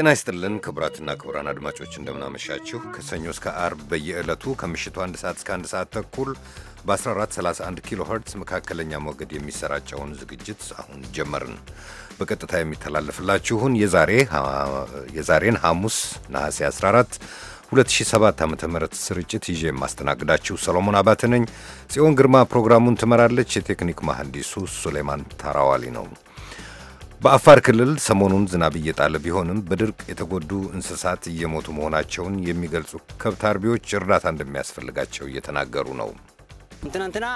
ጤና ይስጥልን ክቡራትና ክቡራን አድማጮች እንደምናመሻችሁ። ከሰኞ እስከ አርብ በየዕለቱ ከምሽቱ አንድ ሰዓት እስከ አንድ ሰዓት ተኩል በ1431 ኪሎ ኸርትዝ መካከለኛ ሞገድ የሚሰራጨውን ዝግጅት አሁን ጀመርን። በቀጥታ የሚተላለፍላችሁን የዛሬን ሐሙስ ነሐሴ 14 2007 ዓ ም ስርጭት ይዤ የማስተናግዳችሁ ሰሎሞን አባተ ነኝ። ጽዮን ግርማ ፕሮግራሙን ትመራለች። የቴክኒክ መሐንዲሱ ሱሌማን ታራዋሊ ነው። በአፋር ክልል ሰሞኑን ዝናብ እየጣለ ቢሆንም በድርቅ የተጎዱ እንስሳት እየሞቱ መሆናቸውን የሚገልጹ ከብት አርቢዎች እርዳታ እንደሚያስፈልጋቸው እየተናገሩ ነው። ትናንትና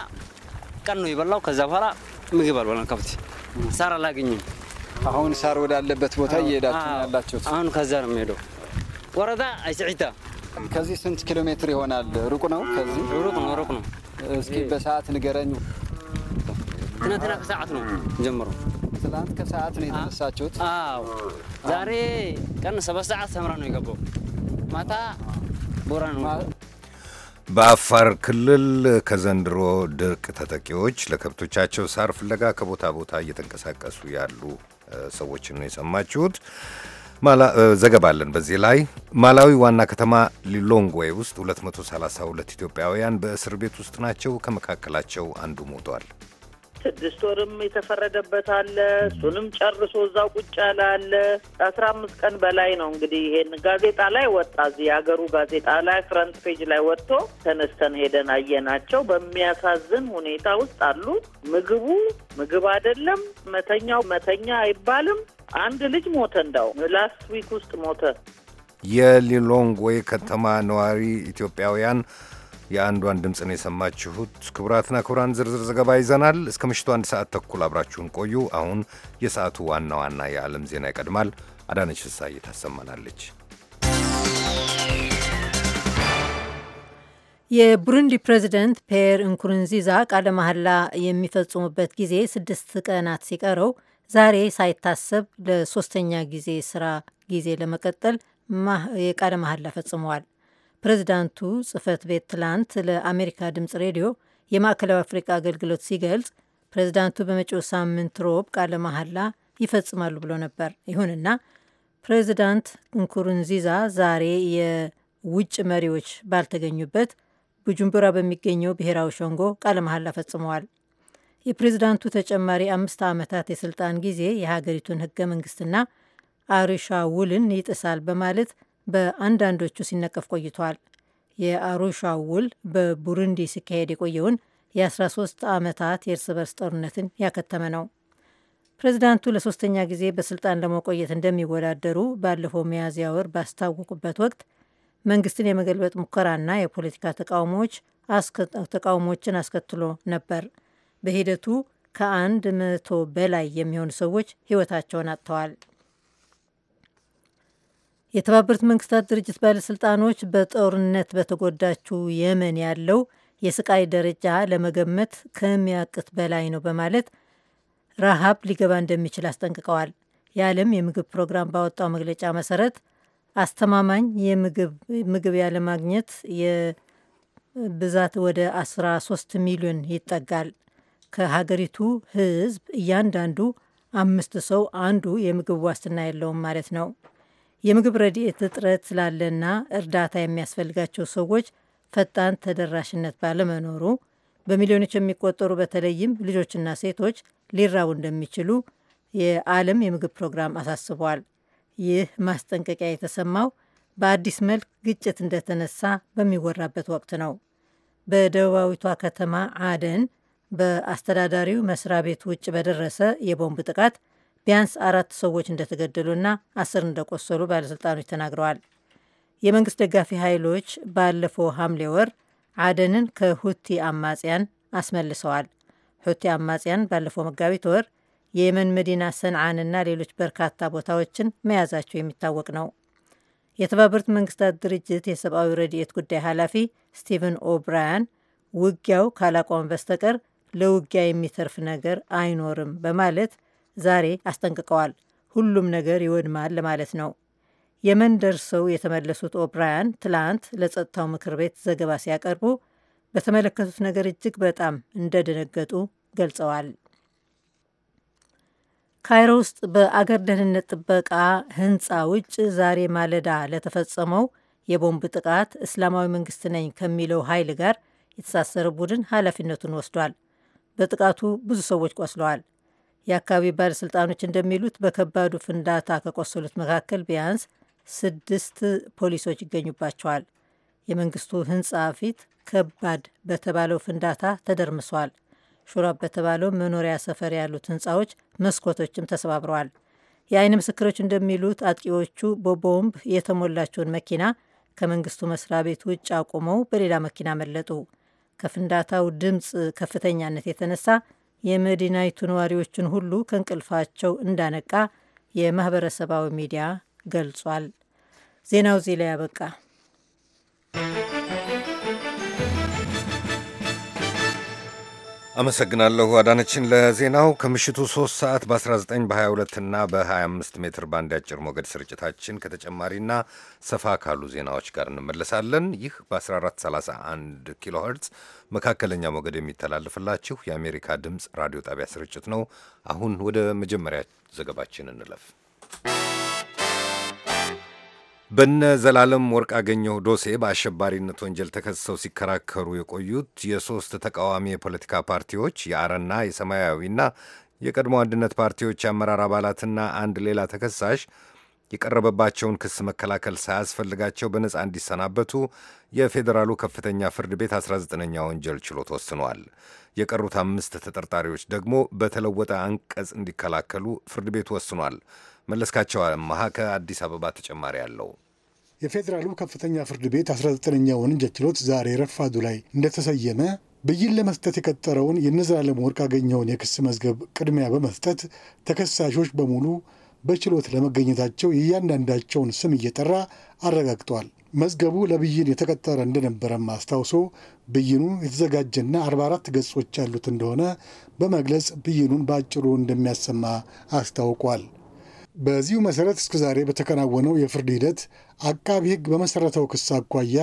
ቀን ነው የበላው። ከዛ በኋላ ምግብ አልበላ ከብት ሳር አላገኝም። አሁን ሳር ወዳለበት ቦታ እየሄዳችሁ ያላችሁት? አሁን ከዛ ነው የሚሄደው። ወረዳ አይስዒታ። ከዚህ ስንት ኪሎ ሜትር ይሆናል? ሩቅ ነው? ከዚህ ሩቅ ነው፣ ሩቅ ነው። እስኪ በሰዓት ንገረኝ። ትናንትና ከሰዓት ነው ጀምሮ ትናንት ከሰዓት ነው የተነሳችሁት? አዎ። ዛሬ ቀን ሰባት ሰዓት ነው የገባው። ማታ ቦራ ነው። በአፋር ክልል ከዘንድሮ ድርቅ ተጠቂዎች ለከብቶቻቸው ሳር ፍለጋ ከቦታ ቦታ እየተንቀሳቀሱ ያሉ ሰዎችን ነው የሰማችሁት። ዘገባ አለን በዚህ ላይ። ማላዊ ዋና ከተማ ሊሎንግዌ ውስጥ 232 ኢትዮጵያውያን በእስር ቤት ውስጥ ናቸው። ከመካከላቸው አንዱ ሞቷል። ስድስት ወርም የተፈረደበት አለ። እሱንም ጨርሶ እዛው ቁጭ ያለ አለ። አስራ አምስት ቀን በላይ ነው እንግዲህ ይሄን ጋዜጣ ላይ ወጣ። እዚህ የሀገሩ ጋዜጣ ላይ ፍረንት ፔጅ ላይ ወጥቶ ተነስተን ሄደን አየናቸው። በሚያሳዝን ሁኔታ ውስጥ አሉ። ምግቡ ምግብ አይደለም፣ መተኛው መተኛ አይባልም። አንድ ልጅ ሞተ፣ እንዳው ላስት ዊክ ውስጥ ሞተ። የሊሎንግዌ ከተማ ነዋሪ ኢትዮጵያውያን የአንዷን ድምፅን የሰማችሁት። ክቡራትና ክቡራን ዝርዝር ዘገባ ይዘናል። እስከ ምሽቱ አንድ ሰዓት ተኩል አብራችሁን ቆዩ። አሁን የሰዓቱ ዋና ዋና የዓለም ዜና ይቀድማል። አዳነች ፍሳዬ ታሰማናለች። የቡሩንዲ ፕሬዚደንት ፒየር እንኩሩንዚዛ ቃለ መሐላ የሚፈጽሙበት ጊዜ ስድስት ቀናት ሲቀረው ዛሬ ሳይታሰብ ለሶስተኛ ጊዜ ስራ ጊዜ ለመቀጠል የቃለ መሐላ ፈጽመዋል። ፕሬዚዳንቱ ጽህፈት ቤት ትላንት ለአሜሪካ ድምፅ ሬዲዮ የማዕከላዊ አፍሪቃ አገልግሎት ሲገልጽ ፕሬዚዳንቱ በመጪው ሳምንት ሮብ ቃለ መሐላ ይፈጽማሉ ብሎ ነበር። ይሁንና ፕሬዚዳንት ንኩሩንዚዛ ዛሬ የውጭ መሪዎች ባልተገኙበት ቡጁምቡራ በሚገኘው ብሔራዊ ሸንጎ ቃለ መሐላ ፈጽመዋል። የፕሬዚዳንቱ ተጨማሪ አምስት ዓመታት የስልጣን ጊዜ የሀገሪቱን ህገ መንግስትና አሪሻ ውልን ይጥሳል በማለት በአንዳንዶቹ ሲነቀፍ ቆይቷል። የአሩሻ ውል በቡሩንዲ ሲካሄድ የቆየውን የ13 ዓመታት የእርስ በርስ ጦርነትን ያከተመ ነው። ፕሬዚዳንቱ ለሶስተኛ ጊዜ በስልጣን ለመቆየት እንደሚወዳደሩ ባለፈው ሚያዝያ ወር ባስታወቁበት ወቅት መንግስትን የመገልበጥ ሙከራና የፖለቲካ ተቃውሞዎችን አስከትሎ ነበር። በሂደቱ ከአንድ መቶ በላይ የሚሆኑ ሰዎች ህይወታቸውን አጥተዋል። የተባበሩት መንግስታት ድርጅት ባለስልጣኖች በጦርነት በተጎዳችው የመን ያለው የስቃይ ደረጃ ለመገመት ከሚያቅት በላይ ነው በማለት ረሃብ ሊገባ እንደሚችል አስጠንቅቀዋል። የዓለም የምግብ ፕሮግራም ባወጣው መግለጫ መሰረት አስተማማኝ የምግብ ያለማግኘት የብዛት ወደ 13 ሚሊዮን ይጠጋል። ከሀገሪቱ ህዝብ እያንዳንዱ አምስት ሰው አንዱ የምግብ ዋስትና የለውም ማለት ነው። የምግብ ረድኤት እጥረት ስላለና እርዳታ የሚያስፈልጋቸው ሰዎች ፈጣን ተደራሽነት ባለመኖሩ በሚሊዮኖች የሚቆጠሩ በተለይም ልጆችና ሴቶች ሊራቡ እንደሚችሉ የዓለም የምግብ ፕሮግራም አሳስቧል። ይህ ማስጠንቀቂያ የተሰማው በአዲስ መልክ ግጭት እንደተነሳ በሚወራበት ወቅት ነው። በደቡባዊቷ ከተማ አደን በአስተዳዳሪው መስሪያ ቤት ውጭ በደረሰ የቦምብ ጥቃት ቢያንስ አራት ሰዎች እንደተገደሉና አስር እንደቆሰሉ ባለሥልጣኖች ተናግረዋል። የመንግስት ደጋፊ ኃይሎች ባለፈው ሐምሌ ወር አደንን ከሁቲ አማጽያን አስመልሰዋል። ሁቲ አማጽያን ባለፈው መጋቢት ወር የየመን መዲና ሰንዓንና ሌሎች በርካታ ቦታዎችን መያዛቸው የሚታወቅ ነው። የተባበሩት መንግስታት ድርጅት የሰብአዊ ረድኤት ጉዳይ ኃላፊ ስቲቨን ኦብራያን ውጊያው ካላቋሙ በስተቀር ለውጊያ የሚተርፍ ነገር አይኖርም በማለት ዛሬ አስጠንቅቀዋል። ሁሉም ነገር ይወድማል ለማለት ነው። የመን ደርሰው የተመለሱት ኦብራያን ትላንት ለጸጥታው ምክር ቤት ዘገባ ሲያቀርቡ በተመለከቱት ነገር እጅግ በጣም እንደደነገጡ ገልጸዋል። ካይሮ ውስጥ በአገር ደህንነት ጥበቃ ሕንፃ ውጭ ዛሬ ማለዳ ለተፈጸመው የቦምብ ጥቃት እስላማዊ መንግስት ነኝ ከሚለው ኃይል ጋር የተሳሰረ ቡድን ኃላፊነቱን ወስዷል። በጥቃቱ ብዙ ሰዎች ቆስለዋል። የአካባቢው ባለሥልጣኖች እንደሚሉት በከባዱ ፍንዳታ ከቆሰሉት መካከል ቢያንስ ስድስት ፖሊሶች ይገኙባቸዋል። የመንግስቱ ህንፃ ፊት ከባድ በተባለው ፍንዳታ ተደርምሷል። ሹራብ በተባለው መኖሪያ ሰፈር ያሉት ህንፃዎች መስኮቶችም ተሰባብረዋል። የአይን ምስክሮች እንደሚሉት አጥቂዎቹ በቦምብ የተሞላችውን መኪና ከመንግስቱ መስሪያ ቤት ውጭ አቁመው በሌላ መኪና መለጡ። ከፍንዳታው ድምፅ ከፍተኛነት የተነሳ የመዲናይቱ ነዋሪዎችን ሁሉ ከእንቅልፋቸው እንዳነቃ የማህበረሰባዊ ሚዲያ ገልጿል። ዜናው እዚህ ላይ you. አመሰግናለሁ አዳነችን ለዜናው። ከምሽቱ 3 ሰዓት በ19 በ22 እና በ25 ሜትር ባንድ አጭር ሞገድ ስርጭታችን ከተጨማሪና ሰፋ ካሉ ዜናዎች ጋር እንመለሳለን። ይህ በ1431 ኪሎ ኸርትዝ መካከለኛ ሞገድ የሚተላለፍላችሁ የአሜሪካ ድምፅ ራዲዮ ጣቢያ ስርጭት ነው። አሁን ወደ መጀመሪያ ዘገባችን እንለፍ። በነ ዘላለም ወርቅአገኘሁ ዶሴ በአሸባሪነት ወንጀል ተከሰው ሲከራከሩ የቆዩት የሶስት ተቃዋሚ የፖለቲካ ፓርቲዎች የአረና የሰማያዊና የቀድሞ አንድነት ፓርቲዎች የአመራር አባላትና አንድ ሌላ ተከሳሽ የቀረበባቸውን ክስ መከላከል ሳያስፈልጋቸው በነጻ እንዲሰናበቱ የፌዴራሉ ከፍተኛ ፍርድ ቤት 19ኛ ወንጀል ችሎት ወስኗል። የቀሩት አምስት ተጠርጣሪዎች ደግሞ በተለወጠ አንቀጽ እንዲከላከሉ ፍርድ ቤቱ ወስኗል። መለስካቸው አመሃ ከአዲስ አበባ ተጨማሪ አለው። የፌዴራሉ ከፍተኛ ፍርድ ቤት 19ኛ ወንጀል ችሎት ዛሬ ረፋዱ ላይ እንደተሰየመ ብይን ለመስጠት የቀጠረውን የነዘላለም ወርቅ አገኘውን የክስ መዝገብ ቅድሚያ በመስጠት ተከሳሾች በሙሉ በችሎት ለመገኘታቸው የእያንዳንዳቸውን ስም እየጠራ አረጋግጧል። መዝገቡ ለብይን የተቀጠረ እንደነበረም አስታውሶ ብይኑ የተዘጋጀና 44 ገጾች ያሉት እንደሆነ በመግለጽ ብይኑን በአጭሩ እንደሚያሰማ አስታውቋል። በዚሁ መሰረት እስከዛሬ በተከናወነው የፍርድ ሂደት አቃቢ ሕግ በመሰረተው ክስ አኳያ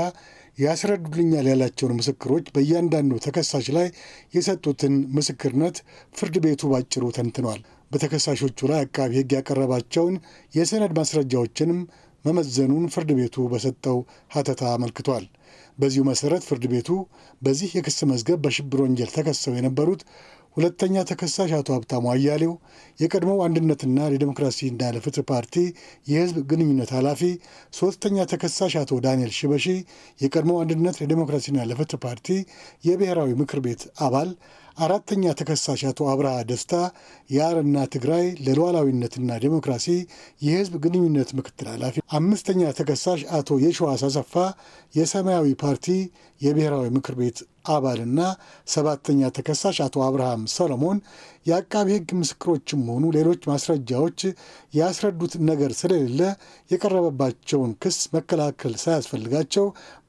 ያስረዱልኛል ያላቸውን ምስክሮች በእያንዳንዱ ተከሳሽ ላይ የሰጡትን ምስክርነት ፍርድ ቤቱ ባጭሩ ተንትኗል። በተከሳሾቹ ላይ አቃቢ ሕግ ያቀረባቸውን የሰነድ ማስረጃዎችንም መመዘኑን ፍርድ ቤቱ በሰጠው ሀተታ አመልክቷል። በዚሁ መሰረት ፍርድ ቤቱ በዚህ የክስ መዝገብ በሽብር ወንጀል ተከሰው የነበሩት ሁለተኛ ተከሳሽ አቶ ሀብታሙ አያሌው የቀድሞው አንድነትና ለዲሞክራሲና ለፍትህ ፓርቲ የህዝብ ግንኙነት ኃላፊ፣ ሶስተኛ ተከሳሽ አቶ ዳንኤል ሽበሺ የቀድሞው አንድነት ለዲሞክራሲና ለፍትህ ፓርቲ የብሔራዊ ምክር ቤት አባል አራተኛ ተከሳሽ አቶ አብርሃ ደስታ የአረና ትግራይ ለሉዓላዊነትና ዴሞክራሲ የህዝብ ግንኙነት ምክትል ኃላፊ፣ አምስተኛ ተከሳሽ አቶ የሸዋስ አሰፋ የሰማያዊ ፓርቲ የብሔራዊ ምክር ቤት አባልና ሰባተኛ ተከሳሽ አቶ አብርሃም ሰሎሞን የአቃቢ ህግ ምስክሮችም ሆኑ ሌሎች ማስረጃዎች ያስረዱት ነገር ስለሌለ የቀረበባቸውን ክስ መከላከል ሳያስፈልጋቸው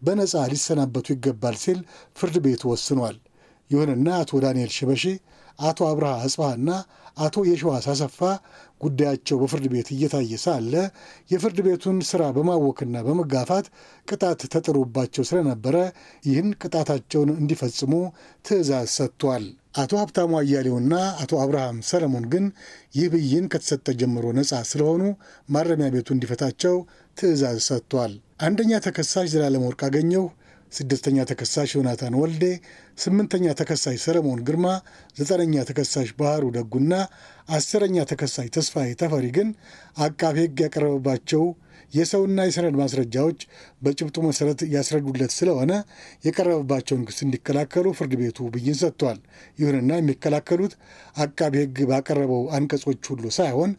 በነፃ ሊሰናበቱ ይገባል ሲል ፍርድ ቤቱ ወስኗል። ይሁንና አቶ ዳንኤል ሽበሺ፣ አቶ አብርሃ አጽባህና አቶ የሸዋስ አሰፋ ጉዳያቸው በፍርድ ቤት እየታየ ሳለ የፍርድ ቤቱን ስራ በማወክና በመጋፋት ቅጣት ተጥሮባቸው ስለነበረ ይህን ቅጣታቸውን እንዲፈጽሙ ትዕዛዝ ሰጥቷል። አቶ ሀብታሙ አያሌውና አቶ አብርሃም ሰለሞን ግን ይህ ብይን ከተሰጠ ጀምሮ ነጻ ስለሆኑ ማረሚያ ቤቱ እንዲፈታቸው ትዕዛዝ ሰጥቷል። አንደኛ ተከሳሽ ዘላለም ወርቅ አገኘሁ ስድስተኛ ተከሳሽ ዮናታን ወልዴ፣ ስምንተኛ ተከሳሽ ሰለሞን ግርማ፣ ዘጠነኛ ተከሳሽ ባህሩ ደጉና አስረኛ ተከሳሽ ተስፋዬ ተፈሪ ግን አቃቤ ሕግ ያቀረበባቸው የሰውና የሰነድ ማስረጃዎች በጭብጡ መሰረት ያስረዱለት ስለሆነ የቀረበባቸውን ክስ እንዲከላከሉ ፍርድ ቤቱ ብይን ሰጥቷል። ይሁንና የሚከላከሉት አቃቢ ሕግ ባቀረበው አንቀጾች ሁሉ ሳይሆን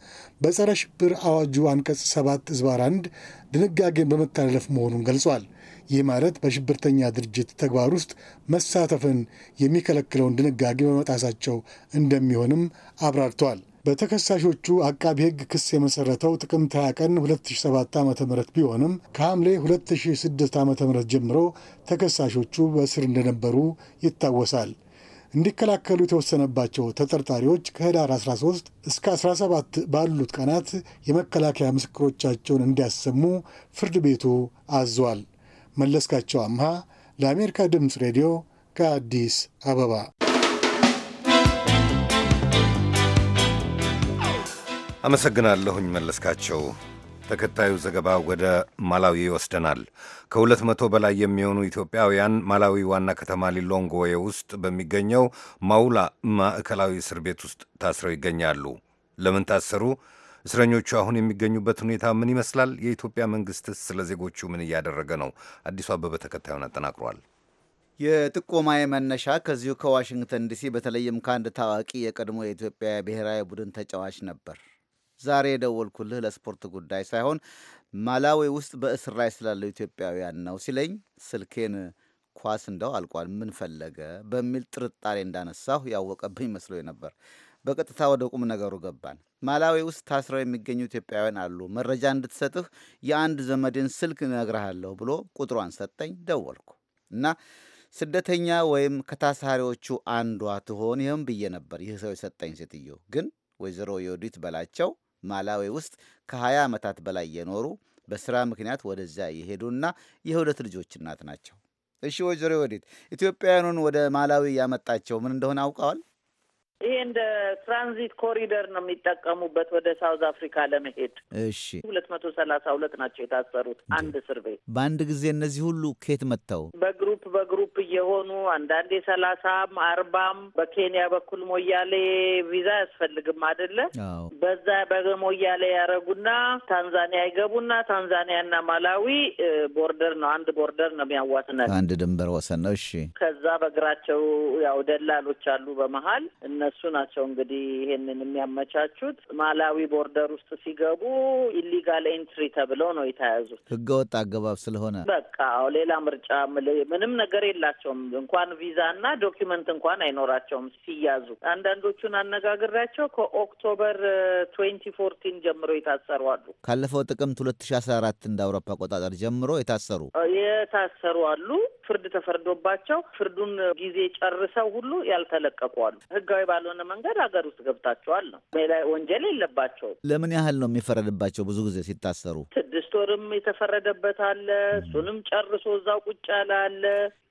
በጸረ ሽብር አዋጁ አንቀጽ ሰባት ዝባር አንድ ድንጋጌን በመተላለፍ መሆኑን ገልጿል። ይህ ማለት በሽብርተኛ ድርጅት ተግባር ውስጥ መሳተፍን የሚከለክለውን ድንጋጌ በመጣሳቸው እንደሚሆንም አብራርተዋል። በተከሳሾቹ አቃቢ ሕግ ክስ የመሰረተው ጥቅምት 20 ቀን 2007 ዓ ም ቢሆንም ከሐምሌ 2006 ዓ ም ጀምሮ ተከሳሾቹ በእስር እንደነበሩ ይታወሳል። እንዲከላከሉ የተወሰነባቸው ተጠርጣሪዎች ከህዳር 13 እስከ 17 ባሉት ቀናት የመከላከያ ምስክሮቻቸውን እንዲያሰሙ ፍርድ ቤቱ አዟል። መለስካቸው አምሃ ለአሜሪካ ድምፅ ሬዲዮ ከአዲስ አበባ። አመሰግናለሁኝ መለስካቸው። ተከታዩ ዘገባ ወደ ማላዊ ይወስደናል። ከሁለት መቶ በላይ የሚሆኑ ኢትዮጵያውያን ማላዊ ዋና ከተማ ሊሎንግዌ ውስጥ በሚገኘው ማውላ ማዕከላዊ እስር ቤት ውስጥ ታስረው ይገኛሉ። ለምን ታሰሩ? እስረኞቹ አሁን የሚገኙበት ሁኔታ ምን ይመስላል? የኢትዮጵያ መንግስትስ ስለ ዜጎቹ ምን እያደረገ ነው? አዲሱ አበበ ተከታዩን አጠናቅሯል። የጥቆማዬ መነሻ ከዚሁ ከዋሽንግተን ዲሲ በተለይም ከአንድ ታዋቂ የቀድሞ የኢትዮጵያ ብሔራዊ ቡድን ተጫዋች ነበር። ዛሬ የደወልኩልህ ለስፖርት ጉዳይ ሳይሆን ማላዊ ውስጥ በእስር ላይ ስላለው ኢትዮጵያውያን ነው ሲለኝ ስልኬን ኳስ እንደው አልቋል ምን ፈለገ በሚል ጥርጣሬ እንዳነሳሁ ያወቀብኝ መስሎኝ ነበር። በቀጥታ ወደ ቁም ነገሩ ገባን። ማላዊ ውስጥ ታስረው የሚገኙ ኢትዮጵያውያን አሉ፣ መረጃ እንድትሰጥህ የአንድ ዘመድን ስልክ እነግርሃለሁ ብሎ ቁጥሯን ሰጠኝ። ደወልኩ እና ስደተኛ ወይም ከታሳሪዎቹ አንዷ ትሆን ይህም ብዬ ነበር። ይህ ሰው የሰጠኝ ሴትዮ ግን ወይዘሮ የወዲት በላቸው ማላዊ ውስጥ ከ20 ዓመታት በላይ የኖሩ በስራ ምክንያት ወደዚያ የሄዱና የሁለት ልጆች እናት ናቸው። እሺ ወይዘሮ የወዲት ኢትዮጵያውያኑን ወደ ማላዊ ያመጣቸው ምን እንደሆነ አውቀዋል? ይሄ እንደ ትራንዚት ኮሪደር ነው የሚጠቀሙበት ወደ ሳውዝ አፍሪካ ለመሄድ። እሺ ሁለት መቶ ሰላሳ ሁለት ናቸው የታሰሩት አንድ እስር ቤት በአንድ ጊዜ። እነዚህ ሁሉ ከየት መጥተው በግሩፕ በግሩፕ እየሆኑ አንዳንዴ ሰላሳም አርባም በኬንያ በኩል ሞያሌ ቪዛ አያስፈልግም አይደለ? በዛ በሞያሌ ያደረጉና ታንዛኒያ ይገቡና ታንዛኒያና ማላዊ ቦርደር ነው አንድ ቦርደር ነው የሚያዋስናል አንድ ድንበር ወሰን ነው። እሺ ከዛ በእግራቸው ያው ደላሎች አሉ በመሀል እነ እነሱ ናቸው እንግዲህ ይሄንን የሚያመቻቹት። ማላዊ ቦርደር ውስጥ ሲገቡ ኢሊጋል ኤንትሪ ተብለው ነው የተያዙት። ህገወጥ አገባብ ስለሆነ በቃ ሌላ ምርጫ ምንም ነገር የላቸውም። እንኳን ቪዛ እና ዶኪመንት እንኳን አይኖራቸውም ሲያዙ። አንዳንዶቹን አነጋግሬያቸው ከኦክቶበር ትዌንቲ ፎርቲን ጀምሮ የታሰሩ አሉ። ካለፈው ጥቅምት ሁለት ሺ አስራ አራት እንደ አውሮፓ አቆጣጠር ጀምሮ የታሰሩ የታሰሩ አሉ። ፍርድ ተፈርዶባቸው ፍርዱን ጊዜ ጨርሰው ሁሉ ያልተለቀቁ አሉ። ህጋዊ ባልሆነ መንገድ ሀገር ውስጥ ገብታቸዋል ነው። ወንጀል የለባቸውም። ለምን ያህል ነው የሚፈረድባቸው? ብዙ ጊዜ ሲታሰሩ ስድስት ወርም የተፈረደበት አለ። እሱንም ጨርሶ እዛው ቁጭ ያለ አለ።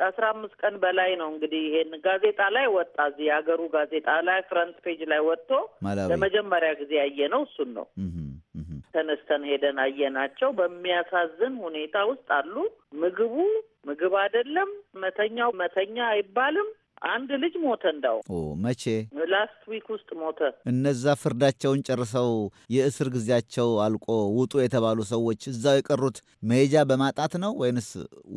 አስራ አምስት ቀን በላይ ነው እንግዲህ ይሄን ጋዜጣ ላይ ወጣ። እዚህ የሀገሩ ጋዜጣ ላይ ፍረንት ፔጅ ላይ ወጥቶ ለመጀመሪያ ጊዜ ያየ ነው እሱን ነው። ተነስተን ሄደን አየናቸው። በሚያሳዝን ሁኔታ ውስጥ አሉ። ምግቡ ምግብ አይደለም፣ መተኛው መተኛ አይባልም። አንድ ልጅ ሞተ። እንዳው መቼ ላስት ዊክ ውስጥ ሞተ። እነዛ ፍርዳቸውን ጨርሰው የእስር ጊዜያቸው አልቆ ውጡ የተባሉ ሰዎች እዛው የቀሩት መሄጃ በማጣት ነው ወይንስ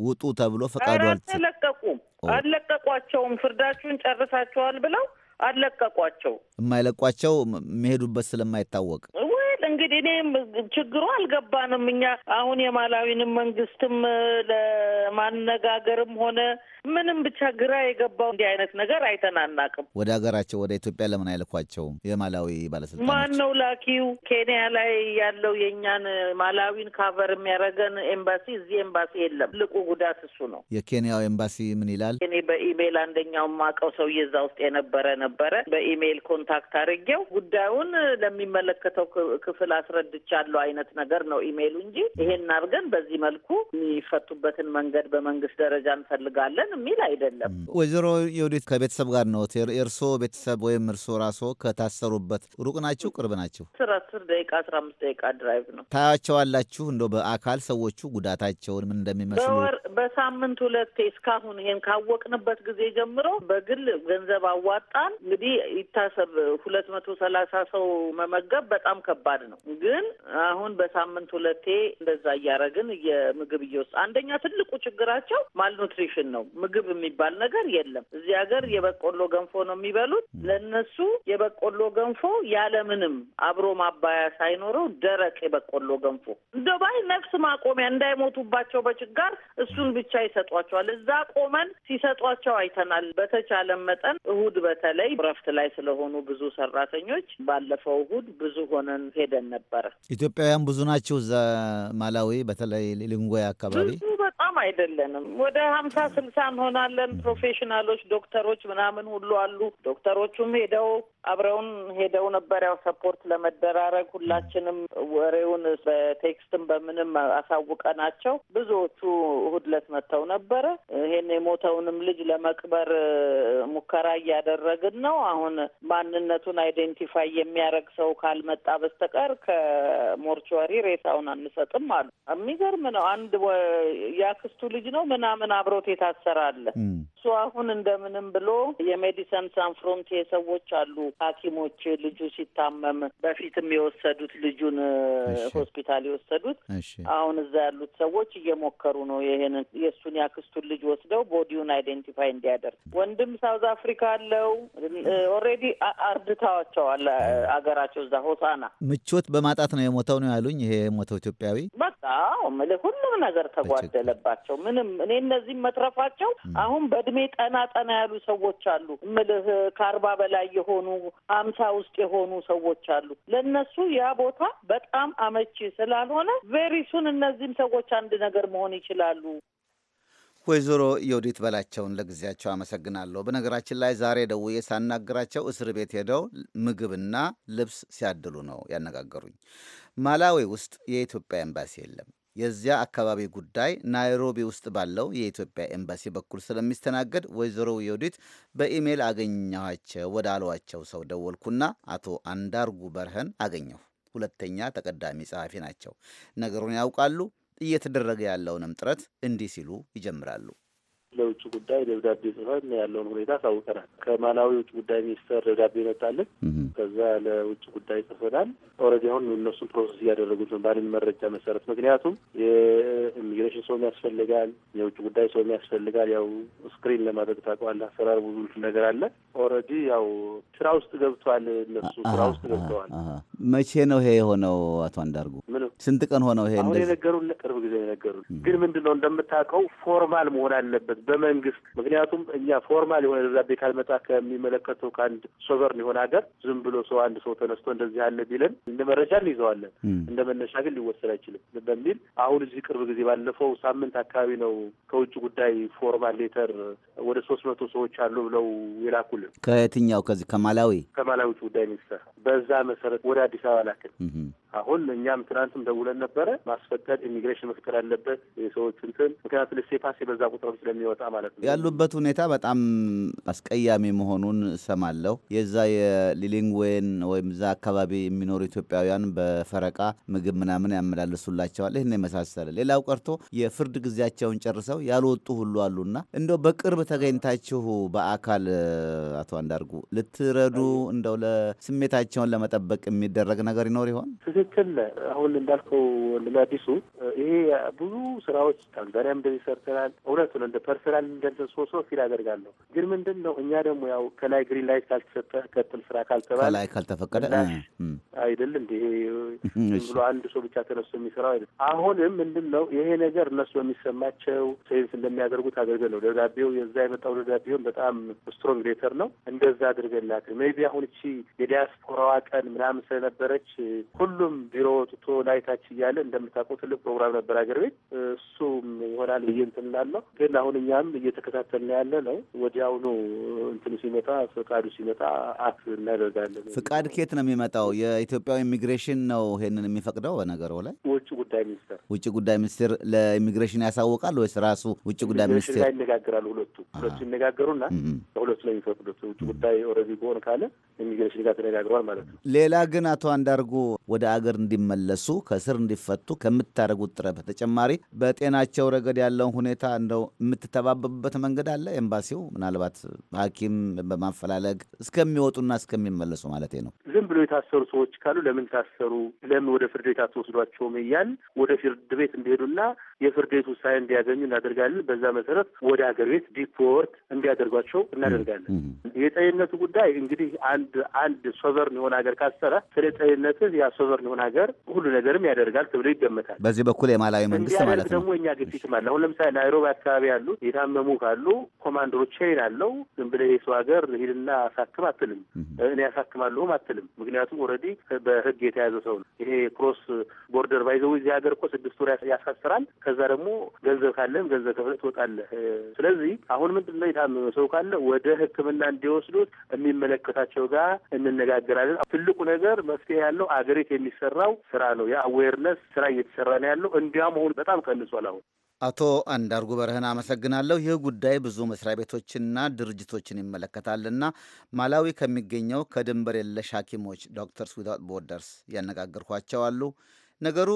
ውጡ ተብሎ ፈቃዱ አልተለቀቁም? አልለቀቋቸውም። ፍርዳችሁን ጨርሳችኋል ብለው አለቀቋቸው። የማይለቋቸው መሄዱበት ስለማይታወቅ እንግዲህ እኔ ችግሩ አልገባንም። እኛ አሁን የማላዊንም መንግስትም ለማነጋገርም ሆነ ምንም ብቻ ግራ የገባው እንዲህ አይነት ነገር አይተናናቅም። ወደ ሀገራቸው ወደ ኢትዮጵያ ለምን አይልኳቸውም? የማላዊ ባለስልጣኖች ማን ነው ላኪው? ኬንያ ላይ ያለው የእኛን ማላዊን ካቨር የሚያደርገን ኤምባሲ እዚህ ኤምባሲ የለም። ልቁ ጉዳት እሱ ነው። የኬንያው ኤምባሲ ምን ይላል? እኔ በኢሜይል አንደኛው ማቀው ሰው የዛ ውስጥ የነበረ ነበረ። በኢሜይል ኮንታክት አድርጌው ጉዳዩን ለሚመለከተው ክፍል በምስል አስረድቻለሁ አይነት ነገር ነው ኢሜይሉ እንጂ ይሄን አድርገን በዚህ መልኩ የሚፈቱበትን መንገድ በመንግስት ደረጃ እንፈልጋለን የሚል አይደለም። ወይዘሮ የወዲት ከቤተሰብ ጋር ነው የእርስዎ ቤተሰብ ወይም እርሶ ራሶ ከታሰሩበት ሩቅ ናችሁ ቅርብ ናችሁ? አስር አስር ደቂቃ አስራ አምስት ደቂቃ ድራይቭ ነው። ታያቸዋላችሁ እንደ በአካል ሰዎቹ ጉዳታቸውን ምን እንደሚመስሉ በሳምንት ሁለቴ እስካሁን ይሄን ካወቅንበት ጊዜ ጀምሮ በግል ገንዘብ አዋጣን። እንግዲህ ይታሰብ ሁለት መቶ ሰላሳ ሰው መመገብ በጣም ከባድ ነው። ግን አሁን በሳምንት ሁለቴ እንደዛ እያረግን የምግብ እየወስ አንደኛ ትልቁ ችግራቸው ማልኑትሪሽን ነው። ምግብ የሚባል ነገር የለም እዚህ ሀገር። የበቆሎ ገንፎ ነው የሚበሉት። ለነሱ የበቆሎ ገንፎ ያለምንም አብሮ ማባያ ሳይኖረው ደረቅ የበቆሎ ገንፎ እንደ ባይ ነፍስ ማቆሚያ እንዳይሞቱባቸው በችጋር እሱን ብቻ ይሰጧቸዋል። እዛ ቆመን ሲሰጧቸው አይተናል። በተቻለ መጠን እሁድ በተለይ እረፍት ላይ ስለሆኑ ብዙ ሰራተኞች ባለፈው እሁድ ብዙ ሆነን ሄደን ብለን ነበረ። ኢትዮጵያውያን ብዙ ናቸው እዛ ማላዊ፣ በተለይ ሊሉንጎያ አካባቢ ብቻም አይደለንም። ወደ ሀምሳ ስልሳ እንሆናለን። ፕሮፌሽናሎች ዶክተሮች ምናምን ሁሉ አሉ። ዶክተሮቹም ሄደው አብረውን ሄደው ነበር ያው ሰፖርት ለመደራረግ ሁላችንም ወሬውን በቴክስትም በምንም አሳውቀናቸው ብዙዎቹ እሁድ ዕለት መጥተው ነበረ። ይሄን የሞተውንም ልጅ ለመቅበር ሙከራ እያደረግን ነው። አሁን ማንነቱን አይዴንቲፋይ የሚያደርግ ሰው ካልመጣ በስተቀር ከሞርቹዋሪ ሬሳውን አንሰጥም አሉ። የሚገርም ነው። አንድ ያ የአክስቱ ልጅ ነው ምናምን አብሮት የታሰረ አለ። እሱ አሁን እንደምንም ብሎ የሜዲሰን ሳን ፍሮንቲር ሰዎች አሉ ሐኪሞች ልጁ ሲታመም በፊትም የወሰዱት ልጁን ሆስፒታል የወሰዱት አሁን እዛ ያሉት ሰዎች እየሞከሩ ነው ይሄንን የእሱን የአክስቱን ልጅ ወስደው ቦዲውን አይዴንቲፋይ እንዲያደርግ። ወንድም ሳውዝ አፍሪካ አለው ኦልሬዲ አርድታዋቸዋል አገራቸው እዛ ሆሳና ምቾት በማጣት ነው የሞተው ነው ያሉኝ። ይሄ የሞተው ኢትዮጵያዊ በቃ ሁሉም ነገር ተጓደለባት። ነበራቸው። ምንም እኔ እነዚህም መትረፋቸው አሁን በእድሜ ጠና ጠና ያሉ ሰዎች አሉ እምልህ ከአርባ በላይ የሆኑ ሀምሳ ውስጥ የሆኑ ሰዎች አሉ። ለእነሱ ያ ቦታ በጣም አመቺ ስላልሆነ ቬሪሱን እነዚህም ሰዎች አንድ ነገር መሆን ይችላሉ። ወይዘሮ የውዲት በላቸውን ለጊዜያቸው አመሰግናለሁ። በነገራችን ላይ ዛሬ ደውዬ ሳናገራቸው እስር ቤት ሄደው ምግብና ልብስ ሲያድሉ ነው ያነጋገሩኝ። ማላዊ ውስጥ የኢትዮጵያ ኤምባሲ የለም። የዚያ አካባቢ ጉዳይ ናይሮቢ ውስጥ ባለው የኢትዮጵያ ኤምባሲ በኩል ስለሚስተናገድ ወይዘሮ የውዲት በኢሜይል አገኘኋቸው አሏቸው ሰው ደወልኩና አቶ አንዳርጉ በርህን አገኘሁ። ሁለተኛ ተቀዳሚ ጸሐፊ ናቸው። ነገሩን ያውቃሉ። እየተደረገ ያለውንም ጥረት እንዲህ ሲሉ ይጀምራሉ። ለውጭ ጉዳይ ደብዳቤ ጽፈን ያለውን ሁኔታ አሳውቀናል። ከማላዊ ውጭ ጉዳይ ሚኒስተር ደብዳቤ መጣልን። ከዛ ያለ ውጭ ጉዳይ ጽፈናል። ኦልሬዲ አሁን እነሱን ፕሮሰስ እያደረጉት ነው ባለን መረጃ መሰረት። ምክንያቱም የኢሚግሬሽን ሰውም ያስፈልጋል፣ የውጭ ጉዳይ ሰውም ያስፈልጋል። ያው ስክሪን ለማድረግ ታውቀዋለህ፣ አሰራር ብዙ ነገር አለ። ኦልሬዲ ያው ስራ ውስጥ ገብቷል፣ እነሱ ስራ ውስጥ ገብተዋል። መቼ ነው ይሄ የሆነው? አቶ አንዳርጉ ምን ስንት ቀን ሆነው? ይሄ አሁን የነገሩን ቅርብ ጊዜ የነገሩን ግን ምንድን ነው እንደምታውቀው ፎርማል መሆን አለበት በመንግስት ምክንያቱም እኛ ፎርማል የሆነ ደብዳቤ ካልመጣ ከሚመለከተው ከአንድ ሶቨርን የሆነ ሀገር ዝም ብሎ ሰው አንድ ሰው ተነስቶ እንደዚህ አለ ቢለን እንደ መረጃ እንይዘዋለን፣ እንደ መነሻ ግን ሊወሰድ አይችልም በሚል አሁን እዚህ ቅርብ ጊዜ ባለፈው ሳምንት አካባቢ ነው ከውጭ ጉዳይ ፎርማል ሌተር ወደ ሶስት መቶ ሰዎች አሉ ብለው ይላኩልን። ከየትኛው ከዚህ ከማላዊ ከማላዊ ውጭ ጉዳይ ሚኒስተር በዛ መሰረት ወደ አዲስ አበባ ላክን። አሁን እኛም ትናንትም ደውለን ነበረ ማስፈቀድ ኢሚግሬሽን መፍቀድ አለበት የሰዎች እንትን ምክንያቱም ለሴፓሴ በዛ ቁጥር ስለሚወ ሲወጣ ማለት ነው። ያሉበት ሁኔታ በጣም አስቀያሚ መሆኑን እሰማለሁ። የዛ የሊሊንግዌን ወይም እዛ አካባቢ የሚኖሩ ኢትዮጵያውያን በፈረቃ ምግብ ምናምን ያመላልሱላቸዋል። ይህን የመሳሰለ ሌላው ቀርቶ የፍርድ ጊዜያቸውን ጨርሰው ያልወጡ ሁሉ አሉና እንደው በቅርብ ተገኝታችሁ በአካል አቶ አንዳርጉ ልትረዱ እንደው ለስሜታቸውን ለመጠበቅ የሚደረግ ነገር ይኖር ይሆን? ትክክል አሁን እንዳልከው ወንድም አዲሱ ይሄ ብዙ ስራዎች ታንዛኒያም እንደዚህ ሰርተናል። እውነቱን እንደ ስራ ልንደልደል ሶሶ ፊል አደርጋለሁ። ግን ምንድን ነው እኛ ደግሞ ያው ከላይ ግሪን ላይት ካልተሰጠ ቀጥል ስራ ካልተባለ ከላይ ካልተፈቀደ አይደል እንዲህ ብሎ አንድ ሰው ብቻ ተነስቶ የሚሰራው አይደል። አሁንም ምንድን ነው ይሄ ነገር እነሱ የሚሰማቸው ሴንስ እንደሚያደርጉት አድርገን ነው ደብዳቤው የዛ የመጣው ደብዳቤውን በጣም ስትሮንግ ሌተር ነው እንደዛ አድርገላት ሜቢ አሁን እቺ የዲያስፖራዋ ቀን ምናምን ስለነበረች ሁሉም ቢሮ ወጥቶ ላይታች እያለ እንደምታውቀው ትልቅ ፕሮግራም ነበር አገር ቤት እሱም ይሆናል ብዬ እንትን እላለሁ። ግን አሁን እኛ እኛም እየተከታተልን ያለ ነው። ወዲያውኑ እንትኑ ሲመጣ ፍቃዱ ሲመጣ አፍ እናደርጋለን። ፍቃድ ኬት ነው የሚመጣው? የኢትዮጵያ ኢሚግሬሽን ነው ይሄንን የሚፈቅደው። በነገሩ ላይ ውጭ ጉዳይ ሚኒስትር ውጭ ጉዳይ ሚኒስትር ለኢሚግሬሽን ያሳውቃል ወይስ ራሱ ውጭ ጉዳይ ሚኒስትር ላይ ይነጋገራሉ? ሁለቱ ሁለቱ ይነጋገሩና በሁለቱ ላይ የሚፈቅዱት ውጭ ጉዳይ ኦልሬዲ ከሆነ ካለ ኢሚግሬሽን ጋር ተነጋግሯል ማለት ነው። ሌላ ግን አቶ አንዳርጉ ወደ አገር እንዲመለሱ ከስር እንዲፈቱ ከምታደርጉት ጥረት በተጨማሪ በጤናቸው ረገድ ያለውን ሁኔታ እንደው የምትተ የሚረባበቡበት መንገድ አለ። ኤምባሲው ምናልባት ሐኪም በማፈላለግ እስከሚወጡና እስከሚመለሱ ማለት ነው። ዝም ብሎ የታሰሩ ሰዎች ካሉ ለምን ታሰሩ፣ ለምን ወደ ፍርድ ቤት አትወስዷቸውም እያል ወደ ፍርድ ቤት እንዲሄዱና የፍርድ ቤት ውሳኔ እንዲያገኙ እናደርጋለን። በዛ መሰረት ወደ ሀገር ቤት ዲፖርት እንዲያደርጓቸው እናደርጋለን። የጠይነቱ ጉዳይ እንግዲህ አንድ አንድ ሶቨርን የሆነ ሀገር ካሰረ ስለ ጠይነትህ ያ ሶቨርን የሆነ ሀገር ሁሉ ነገርም ያደርጋል ተብሎ ይገመታል። በዚህ በኩል የማላዊ መንግስት ማለት ነው ደግሞ እኛ ግፊትም አለ። አሁን ለምሳሌ ናይሮቢ አካባቢ ያሉት የታመሙ ካሉ ኮማንደሮች ቸይን አለው። ዝም ብለህ የሰው ሀገር ሂድና አሳክም አትልም። እኔ አሳክማለሁም አትልም። ምክንያቱም ኦልሬዲ በህግ የተያዘ ሰው ነው። ይሄ ክሮስ ቦርደር ባይዘው እዚህ ሀገር እኮ ስድስት ወር ያሳስራል። ከዛ ደግሞ ገንዘብ ካለህም ገንዘብ ከፍለህ ትወጣለህ። ስለዚህ አሁን ምንድን ነው የታመመ ሰው ካለ ወደ ሕክምና እንዲወስዱት የሚመለከታቸው ጋር እንነጋገራለን። ትልቁ ነገር መፍትሄ ያለው አገሪት የሚሰራው ስራ ነው። የአዌርነስ ስራ እየተሰራ ነው ያለው። እንዲያም አሁን በጣም ቀንሷል አሁን አቶ አንዳርጉ በረህን አመሰግናለሁ። ይህ ጉዳይ ብዙ መስሪያ ቤቶችና ድርጅቶችን ይመለከታልና ማላዊ ከሚገኘው ከድንበር የለሽ ሐኪሞች ዶክተርስ ዊዛውት ቦርደርስ ያነጋገርኳቸው አሉ። ነገሩ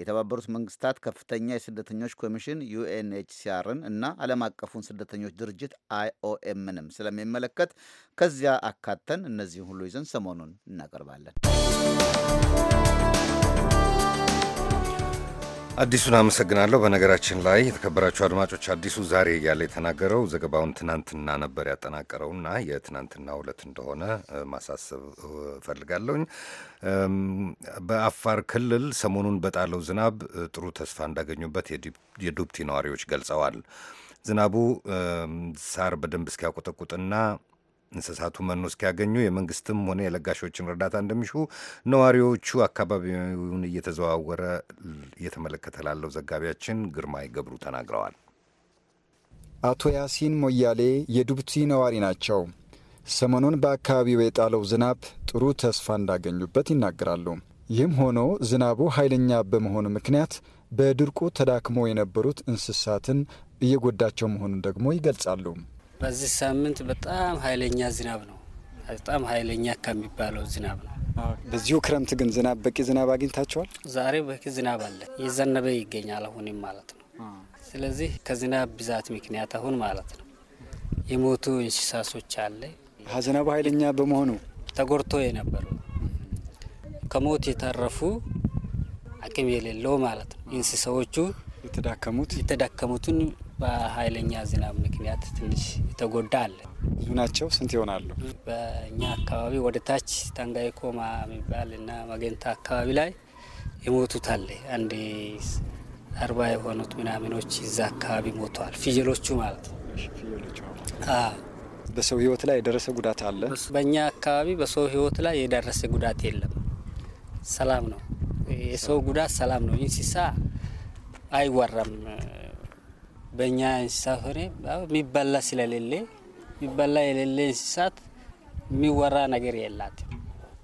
የተባበሩት መንግስታት ከፍተኛ የስደተኞች ኮሚሽን ዩኤንኤችሲአርን እና ዓለም አቀፉን ስደተኞች ድርጅት አይኦኤምንም ስለሚመለከት ከዚያ አካተን እነዚህን ሁሉ ይዘን ሰሞኑን እናቀርባለን። አዲሱን አመሰግናለሁ። በነገራችን ላይ የተከበራችሁ አድማጮች አዲሱ ዛሬ እያለ የተናገረው ዘገባውን ትናንትና ነበር ያጠናቀረውና የትናንትና ዕለት እንደሆነ ማሳሰብ እፈልጋለሁኝ። በአፋር ክልል ሰሞኑን በጣለው ዝናብ ጥሩ ተስፋ እንዳገኙበት የዱብቲ ነዋሪዎች ገልጸዋል። ዝናቡ ሳር በደንብ እስኪያቆጠቁጥና እንስሳቱ መኖ እስኪያገኙ የመንግስትም ሆነ የለጋሾችን እርዳታ እንደሚሹ ነዋሪዎቹ አካባቢውን እየተዘዋወረ እየተመለከተ ላለው ዘጋቢያችን ግርማይ ገብሩ ተናግረዋል። አቶ ያሲን ሞያሌ የዱብቲ ነዋሪ ናቸው። ሰሞኑን በአካባቢው የጣለው ዝናብ ጥሩ ተስፋ እንዳገኙበት ይናገራሉ። ይህም ሆኖ ዝናቡ ኃይለኛ በመሆኑ ምክንያት በድርቁ ተዳክሞ የነበሩት እንስሳትን እየጎዳቸው መሆኑን ደግሞ ይገልጻሉ። በዚህ ሳምንት በጣም ኃይለኛ ዝናብ ነው። በጣም ኃይለኛ ከሚባለው ዝናብ ነው። በዚሁ ክረምት ግን ዝናብ በቂ ዝናብ አግኝታቸዋል። ዛሬ በቂ ዝናብ አለ፣ የዘነበ ይገኛል አሁንም ማለት ነው። ስለዚህ ከዝናብ ብዛት ምክንያት አሁን ማለት ነው የሞቱ እንስሳሶች አለ። ዝናቡ ኃይለኛ በመሆኑ ተጎድቶ የነበሩ ከሞት የተረፉ አቅም የሌለው ማለት ነው እንስሳዎቹ የተዳከሙት የተዳከሙትን በኃይለኛ ዝናብ ምክንያት ትንሽ የተጎዳ አለ። ብዙ ናቸው። ስንት ይሆናሉ? በእኛ አካባቢ ወደ ታች ታንጋይ ኮማ የሚባል እና ማገንታ አካባቢ ላይ የሞቱት አለ። አንድ አርባ የሆኑት ምናምኖች እዛ አካባቢ ሞተዋል። ፍየሎቹ ማለት ነው። በሰው ህይወት ላይ የደረሰ ጉዳት አለ? በእኛ አካባቢ በሰው ህይወት ላይ የደረሰ ጉዳት የለም። ሰላም ነው። የሰው ጉዳት ሰላም ነው። እንስሳ አይወራም። በእኛ እንስሳ ፍሬ የሚበላ ስለሌለ የሚበላ የሌለ እንስሳት የሚወራ ነገር የላትም።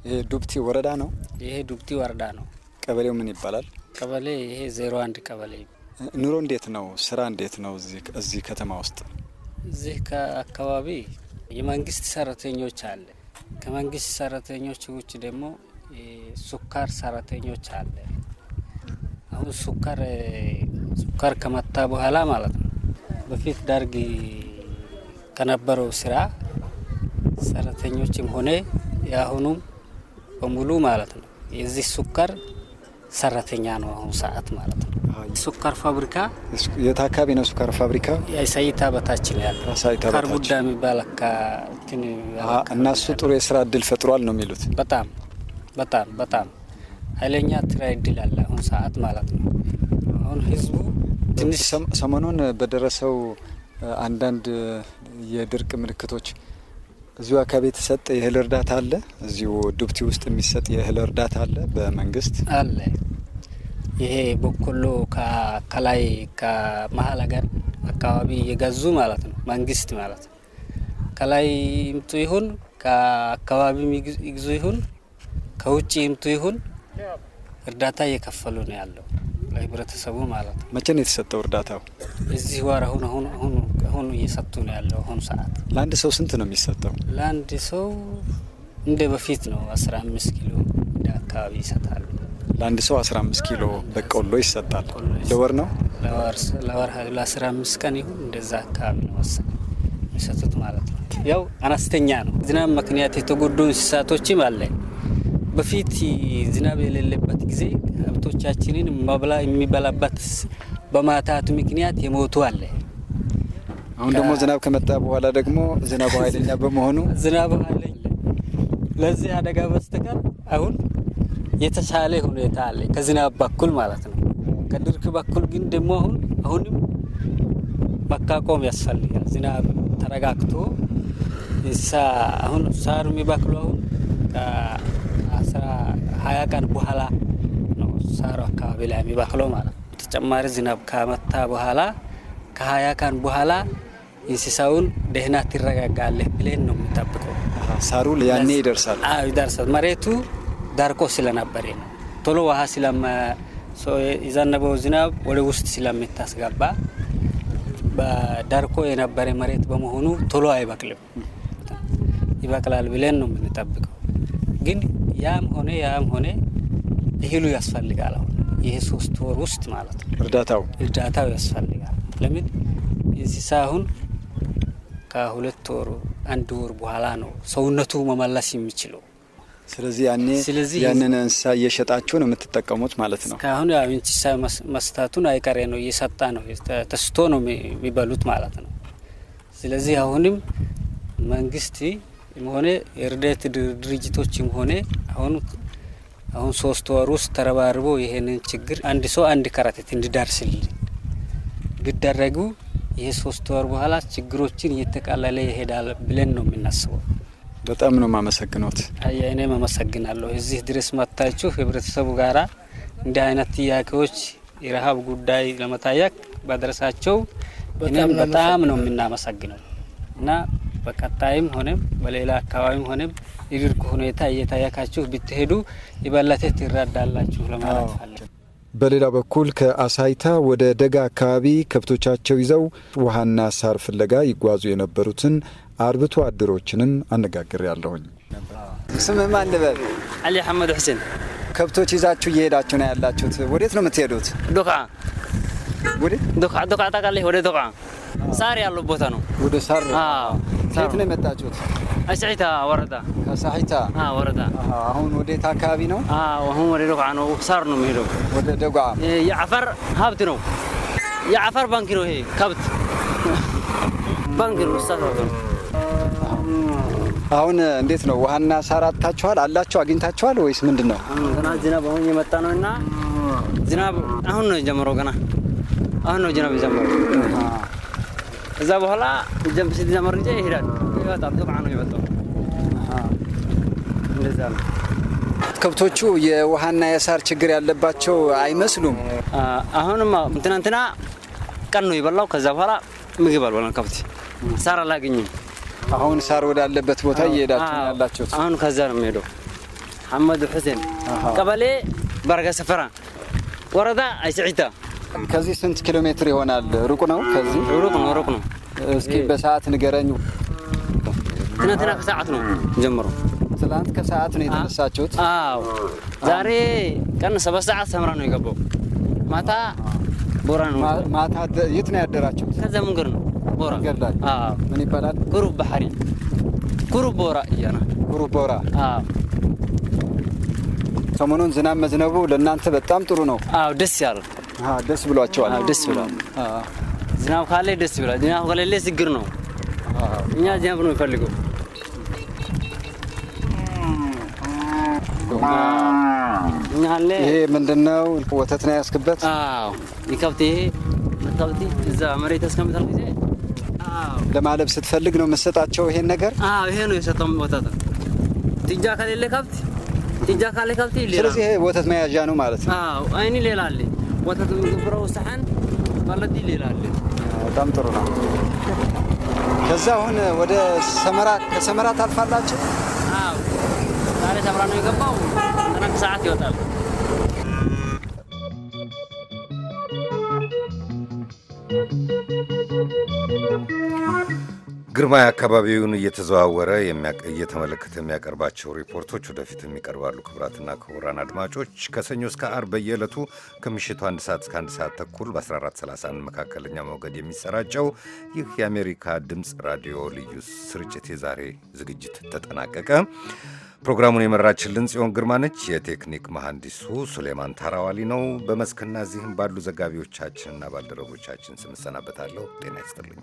ይሄ ዱብቲ ወረዳ ነው። ይሄ ዱብቲ ወረዳ ነው። ቀበሌው ምን ይባላል? ቀበሌ ይሄ ዜሮ አንድ ቀበሌ። ኑሮ እንዴት ነው? ስራ እንዴት ነው? እዚህ ከተማ ውስጥ እዚህ አካባቢ የመንግስት ሰራተኞች አለ። ከመንግስት ሰራተኞች ውጭ ደግሞ ሱካር ሰራተኞች አለ። አሁን ሱከር ሱከር ከመጣ በኋላ ማለት ነው። በፊት ደርግ ከነበረው ስራ ሰራተኞችም ሆነ የአሁኑም በሙሉ ማለት ነው የዚህ ሱከር ሰራተኛ ነው አሁን ሰዓት ማለት ነው። ሱከር ፋብሪካ የት አካባቢ ነው? ሱከር ፋብሪካ ሳይታ በታች ነው ያለው። ካር ጉዳ የሚባል እና እሱ ጥሩ የስራ እድል ፈጥሯል ነው የሚሉት። በጣም በጣም በጣም ኃይለኛ ትግራይ እድል አለ አሁን ሰዓት ማለት ነው። አሁን ህዝቡ ትንሽ ሰሞኑን በደረሰው አንዳንድ የድርቅ ምልክቶች እዚሁ አካባቢ የተሰጠ የእህል እርዳታ አለ። እዚሁ ዱብቲ ውስጥ የሚሰጥ የእህል እርዳታ አለ በመንግስት አለ። ይሄ በቆሎ ከላይ ከመሀል ሀገር አካባቢ የገዙ ማለት ነው መንግስት ማለት ነው። ከላይ ይምጡ ይሁን ከአካባቢ ይግዙ ይሁን ከውጭ ይምጡ ይሁን እርዳታ እየከፈሉ ነው ያለው ለህብረተሰቡ ማለት ነው። መቼ ነው የተሰጠው እርዳታው? እዚህ ወር አሁን አሁን አሁን እየሰጡ ነው ያለው አሁኑ ሰዓት። ለአንድ ሰው ስንት ነው የሚሰጠው? ለአንድ ሰው እንደ በፊት ነው 15 ኪሎ እንደ አካባቢ ይሰጣሉ። ለአንድ ሰው 15 ኪሎ በቆሎ ይሰጣል። ለወር ነው ለወር ለ15 ቀን ይሁን እንደዛ አካባቢ ነው መሰል የሚሰጡት ማለት ነው። ያው አነስተኛ ነው። ዝናብ ምክንያት የተጎዱ እንስሳቶችም አለ በፊት ዝናብ የሌለበት ጊዜ ከብቶቻችንን የሚበላበት በማታቱ ምክንያት የሞቱ አለ። አሁን ደግሞ ዝናብ ከመጣ በኋላ ደግሞ ዝናቡ ኃይለኛ በመሆኑ ዝናቡ ኃይለኛ ለዚህ አደጋ በስተቀር አሁን የተሻለ ሁኔታ አለ ከዝናብ በኩል ማለት ነው። ከድርቅ በኩል ግን ደግሞ አሁን አሁንም መካቆም ያስፈልጋል። ዝናብ ተረጋግቶ አሁን ሳሩ የሚበክሉ አሁን ሀያ ቀን በኋላ ነው ሳሩ አካባቢ ላይ የሚበቅለው ማለት ነው። ተጨማሪ ዝናብ ከመታ በኋላ ከሀያ ቀን በኋላ እንስሳውን ደህና ይረጋጋል ብለን ነው የምጠብቀው። ሳሩ ያኔ ይደርሳል ይደርሳል። መሬቱ ዳርቆ ስለነበረ ነው ቶሎ ውሃ የዘነበው ዝናብ ወደ ውስጥ ስለምታስገባ በዳርቆ የነበረ መሬት በመሆኑ ቶሎ አይበቅልም። ይበቅላል ብለን ነው የምንጠብቀው ግን ያም ሆነ ያም ሆነ እህሉ ያስፈልጋል። አሁን ይሄ ሶስት ወር ውስጥ ማለት ነው እርዳታው እርዳታው ያስፈልጋል። ለምን እንስሳ አሁን ከሁለት ወር አንድ ወር በኋላ ነው ሰውነቱ መመለስ የሚችለው። ስለዚህ ያኔ ያንን እንስሳ እየሸጣችሁ ነው የምትጠቀሙት ማለት ነው። እስካሁን ያው እንስሳ መስታቱን አይቀሬ ነው እየሰጣ ነው ተስቶ ነው የሚበሉት ማለት ነው። ስለዚህ አሁንም መንግስት ሆነ የእርዳታ ድርጅቶችም ሆነ አሁን አሁን ሶስት ወር ውስጥ ተረባርቦ ይሄንን ችግር አንድ ሰው አንድ ከረጢት እንዲዳርስልን ቢደረጉ ይሄ ሶስት ወር በኋላ ችግሮችን እየተቃለለ ይሄዳል ብለን ነው የምናስበው። በጣም ነው ማመሰግኖት። እኔም አመሰግናለሁ። እዚህ ድረስ መታችሁ ህብረተሰቡ ጋራ እንዲህ አይነት ጥያቄዎች የረሃብ ጉዳይ ለመታየቅ በደረሳቸው እኔም በጣም ነው የምናመሰግነው እና በቀጣይም ሆነ በሌላ አካባቢም ሆነ የድርቅ ሁኔታ እየታያካችሁ ብትሄዱ የበለጠ ትረዳላችሁ ለማለት አለ። በሌላ በኩል ከአሳይታ ወደ ደጋ አካባቢ ከብቶቻቸው ይዘው ውሃና ሳር ፍለጋ ይጓዙ የነበሩትን አርብቶ አደሮችንም አነጋግር ያለሁኝ። ስምህ ማን ልበል? አሊ አሐመድ ሁሴን። ከብቶች ይዛችሁ እየሄዳችሁ ነው ያላችሁት። ወዴት ነው የምትሄዱት? ዶቃ ዶቃ ዶቃ ታውቃለህ? ወደ ዶቃ ሳር ያለው ቦታ ነው። ወደ ሳር ከየት ነው የመጣችሁት? አስዒታ ወረዳ። ከሳሒታ ወረዳ። አሁን ወዴት አካባቢ ነው? አሁን ወደ ደጉዓ ነው። ሳር ነው የሚሄደው ወደ ደጉዓ። የአፈር ሀብት ነው። የአፈር ባንክ ነው ይሄ ከብት ባንክ ነው። ነው አሁን እንዴት ነው? ውሃና ሳር አጥታችኋል? አላችሁ? አግኝታችኋል ወይስ ምንድን ነው? ገና ዝናብ አሁን የመጣ ነው እና ዝናብ አሁን ነው የጀመረው። ገና አሁን ነው ዝናብ የጀመረው። እዛ በኋላ ጀምፕ ሲት ዘመርንጀ ይሄዳል ይወጣል። ሱብሃ ነው የወጣው። እንደዛ ነው። ከብቶቹ የውሃና የሳር ችግር ያለባቸው አይመስሉም። አሁንም ትናንትና ቀን ነው የበላው። ከዛ በኋላ ምግብ አልበላም። ከብት ሳር አላገኝም። አሁን ሳር ወዳለበት ቦታ እየሄዳችሁ ነው ያላችሁት? አሁን ከዛ ነው የሚሄደው። አመዱ ሁሴን ቀበሌ ባርጋ ሰፈራ ወረዳ አይስዒታ ከዚህ ስንት ኪሎ ሜትር ይሆናል? ሩቅ ነው። ከዚህ ሩቅ ነው፣ ሩቅ ነው። እስኪ በሰዓት ንገረኝ። ትናንትና ከሰዓት ነው ጀምሮ ትናንት ከሰዓት ነው የተነሳችሁት? አዎ። ዛሬ ቀን ሰባት ሰዓት ሰምራ ነው የገባው። ማታ ቦራ ነው። ማታ የት ነው ያደራችሁት? ከዛ መንገድ ነው ቦራ ገላል። አዎ። ምን ይባላል? ኩሩብ ባህሪ ኩሩብ ቦራ እያና ኩሩብ ቦራ። ሰሞኑን ዝናብ መዝነቡ ለእናንተ በጣም ጥሩ ነው። አዎ፣ ደስ ያለ ደስ ብሏቸዋል። ደስ ብሏል። ዝናብ ካለ ደስ ይብላል። ዝናብ ከሌለ ችግር ነው። እኛ ዝናብ ነው የሚፈልገው። ይሄ ምንድን ነው? ወተት ነው ያስክበት? አዎ፣ ይከብት ይሄ መታወቲ እዛ መሬት ያስቀምጣል ጊዜ ለማለብ ስትፈልግ ነው የምትሰጣቸው ይሄን ነገር? ይሄ ነው የሰጠው ወተት። ጥጃ ከሌለ ከብት ጥጃ ካለ ከብት። ስለዚህ ይሄ ወተት መያዣ ነው ማለት ነው። አይኒ ሌላ አለ ወተት ብረው ማለት በጣም ጥሩ ነው። ከዛ አሁን ወደ ሰመራ ከሰመራ ታልፋላችሁ? ዛሬ ሰመራ ነው የገባው። ሰዓት ይወጣል። ግርማይ አካባቢውን እየተዘዋወረ እየተመለከተ የሚያቀርባቸው ሪፖርቶች ወደፊትም ይቀርባሉ። ክቡራትና ክቡራን አድማጮች ከሰኞ እስከ ዓርብ በየዕለቱ ከምሽቱ አንድ ሰዓት እስከ አንድ ሰዓት ተኩል በ1431 መካከለኛ ሞገድ የሚሰራጨው ይህ የአሜሪካ ድምፅ ራዲዮ ልዩ ስርጭት የዛሬ ዝግጅት ተጠናቀቀ። ፕሮግራሙን የመራችልን ጽዮን ግርማ ነች። የቴክኒክ መሐንዲሱ ሱሌማን ታራዋሊ ነው። በመስክና እዚህም ባሉ ዘጋቢዎቻችንና ባልደረቦቻችን ስም እሰናበታለሁ። ጤና ይስጥልኝ።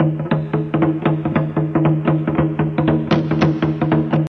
you